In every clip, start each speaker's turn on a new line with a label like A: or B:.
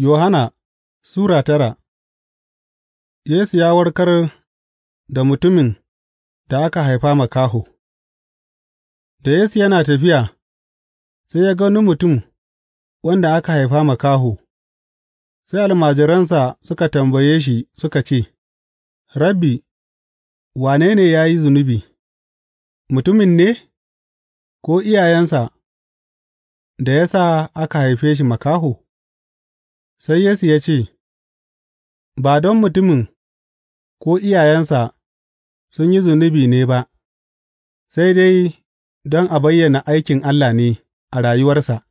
A: Yohanna Sura tara Yesu ya warkar da mutumin da aka haifa makaho Da Yesu yana tafiya, sai ya ga mutum wanda aka haifa makaho, sai almajiransa suka tambaye shi suka ce, Rabbi, wane ne ya yi zunubi, mutumin ne, ko iyayensa, da ya sa aka haife shi makaho? Sai Yesu ya ce, Ba don mutumin ko iyayensa sun yi zunubi ne ba, sai dai don a bayyana aikin Allah ne a rayuwarsa,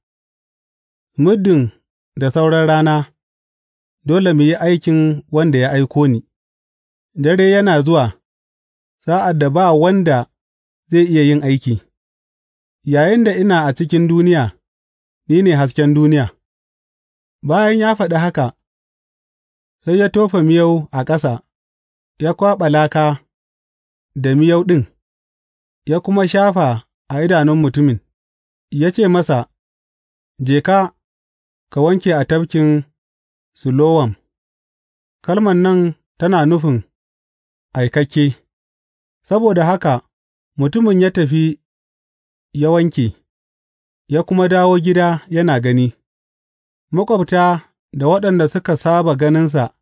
A: muddin da sauran rana, dole mu yi aikin wanda ya aiko ni, dare yana zuwa sa'ad da ba wanda zai iya yin aiki, Yayin da ina a cikin duniya, ni ne hasken duniya. Bayan ya faɗi haka, sai ya tofa miyau a ƙasa, ya kwaɓa laka da miyau ɗin, ya kuma shafa a idanun mutumin, ya ce masa, Je ka, ka wanke a tafkin Silowam kalman nan tana nufin Aikakke, saboda haka mutumin ya tafi ya wanke, ya kuma dawo gida yana gani. Maƙwabta da waɗanda suka saba ganinsa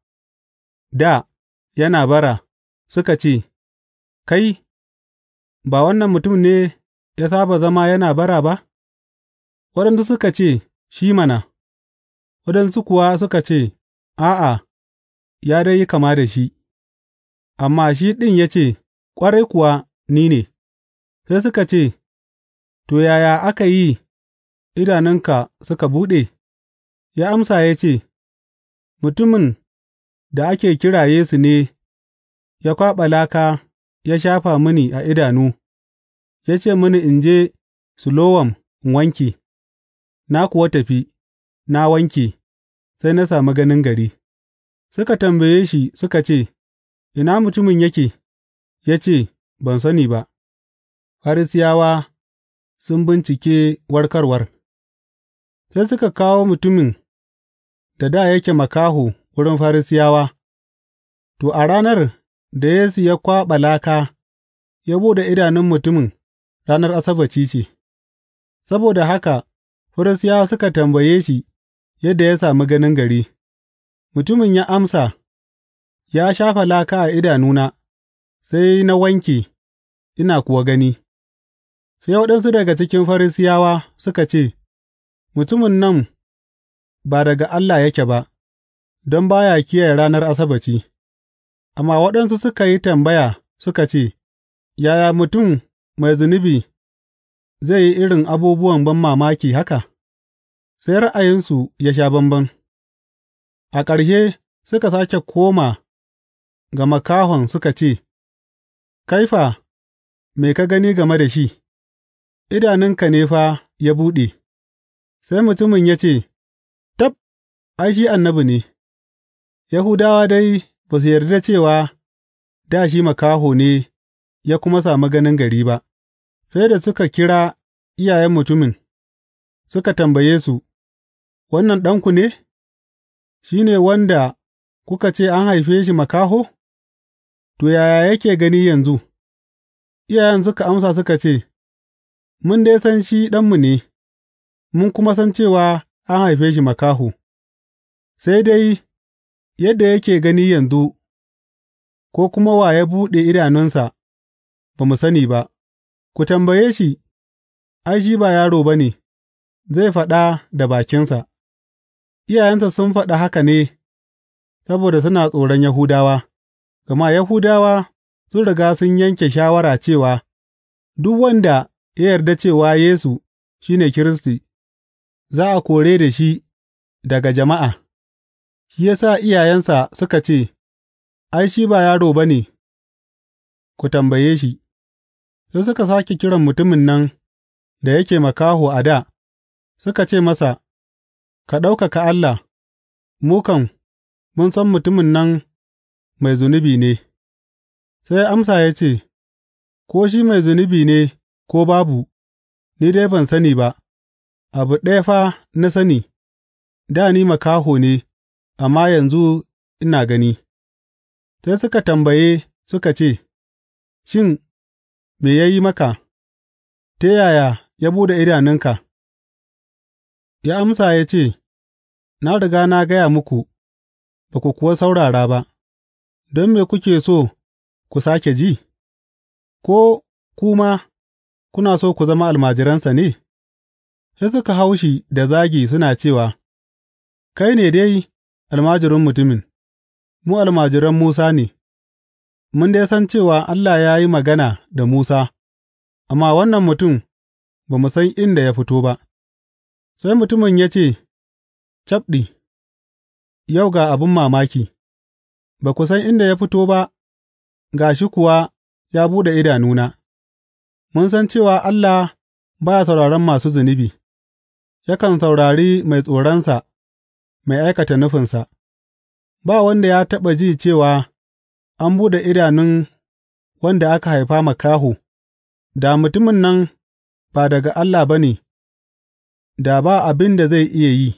A: dā yana bara, suka ce, Kai, ba wannan mutum ne ya saba zama yana bara ba, waɗansu suka ce, Shi mana, waɗansu kuwa suka ce, A'a, ya dai yi kama da shi, amma shi ɗin ya ce, Ƙwarai kuwa ni ne, sai suka ce, To, yaya aka yi idanunka suka buɗe? Ya amsa ya ce, Mutumin da ake kira Yesu ne ya kwaɓa laka ya shafa mini a idanu, ya ce mini in je Silowam in wanke, na kuwa tafi, na wanke, sai na sami ganin gari. Suka tambaye shi suka ce, Ina mutumin yake, ya ce, Ban sani ba. Farisiyawa sun bincike warkarwar Sai suka kawo mutumin da dā yake makaho wurin Farisiyawa, to, a ranar da Yesu ya kwaɓa laka ya buɗe idanun mutumin ranar Asabbaci ce, saboda haka Farisiyawa suka tambaye shi yadda ya sami ganin gari, mutumin ya amsa, Ya shafa laka a idanuna, sai na wanke, ina kuwa gani. Sai waɗansu daga cikin Farisiyawa suka ce, Mutumin nan ba daga Allah yake ba, don ba ya kiyaye ranar Asabbaci, amma waɗansu suka yi tambaya suka ce, Yaya mutum mai zunubi zai yi irin abubuwan ban mamaki haka? Sai ra'ayinsu ya sha bamban. A ƙarshe suka sake koma ga makahon suka ce, Kaifa me ka gani game da shi, idanunka ne fa ya buɗe, sai mutumin ya ce, Ai, shi annabi ne, Yahudawa dai ba su yarda cewa da shi makaho ne ya kuma sami ganin gari ba, sai da suka kira iyayen mutumin, suka tambaye su, Wannan ɗanku ne, shi ne wanda kuka ce an haife shi makaho? To, yaya yake gani yanzu? Iyayen suka amsa suka ce, Mun dai san shi ɗanmu ne, mun kuma san cewa an haife shi makaho. sai dai yadda yake gani yanzu, ko kuma wa ya buɗe idanunsa, ba mu sani ba, ku tambaye shi, ai, shi ba yaro ba ne, zai faɗa da bakinsa, iyayensa sun faɗa haka ne saboda suna tsoron Yahudawa, gama Yahudawa sun riga sun yanke shawara cewa duk wanda ya yarda cewa Yesu shi ne Kiristi, za a kore da shi daga jama'a. shi ya sa iyayensa suka ce, Ai, shi ba yaro ba ne, ku tambaye shi, sai suka sake kiran mutumin nan da yake makaho a da, suka ce masa, Ka ɗaukaka Allah, mukan mun san mutumin nan mai zunubi ne, sai amsa ya ce, Ko shi mai zunubi ne ko babu, ni dai ban sani ba, abu ɗaya fa na sani, da ni makaho ne. amma yanzu ina gani, sai suka tambaye suka ce, Shin, me ya yi maka, ta yaya ya buɗe idanunka? Ya amsa ya ce, Na riga na gaya muku, ba ku kuwa saurara ba, don me kuke so ku sake ji? Ko ku ma kuna so ku zama almajiransa ne? Sai suka haushi da zagi suna cewa, Kai ne dai almajirin mutumin Mu almajiran Musa ne, mun dai san cewa Allah ya yi magana da Musa, amma wannan mutum ba mu san inda ya fito ba. Sai mutumin ya ce, Cabɗi, yau ga abin mamaki, ba ku san inda ya fito ba, ga shi kuwa ya buɗe idanuna, mun san cewa Allah ba ya sauraron masu zunubi, yakan saurari mai tsoronsa mai aikata nufinsa, ba wanda ya taɓa ji cewa an buɗe idanun wanda aka haifa makaho, da mutumin nan ba daga Allah ba ne, da ba abin da zai iya yi.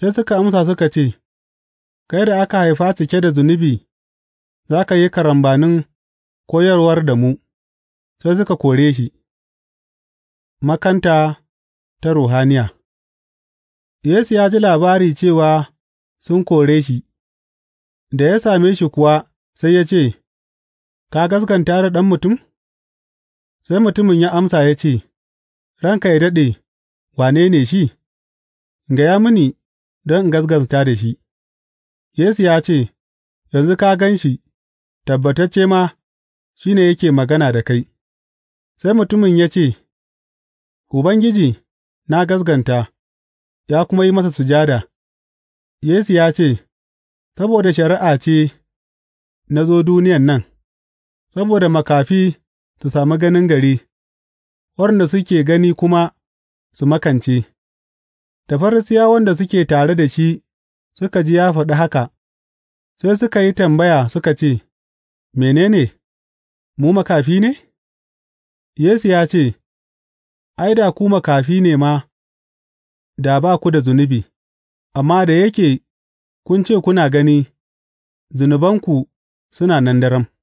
A: Sai suka amsa suka ce, Kai da aka haifa cike da zunubi, za ka yi karambanin koyarwar da mu, sai suka kore shi. Makanta ta ruhaniya. Yesu ya ji labari cewa sun kore shi, da ya same shi kuwa sai ya ce, Ka gaskanta da Ɗan Mutum? Sai mutumin ya amsa ya ce, Ranka yă daɗe, wane ne shi? Gaya mini don in gaskanta da shi. Yesu ya ce, Yanzu ka gan shi, tabbatacce ma shi ne yake magana da kai. Sai mutumin ya ce, Ubangiji, na gaskanta. ya kuma yi masa sujada, Yesu ya ce, Saboda shari'a ce na zo duniyan nan, saboda makafi su sami ganin gari, waɗanda suke gani kuma su makance, da farisiya wanda suke tare da shi suka ji ya faɗi haka, sai suka yi tambaya suka ce, Menene mu makafi ne? Yesu ya ce, Ai, da ku makafi ne ma. da ba ku da zunubi, amma da yake kun ce kuna gani, zunubanku suna nan daram.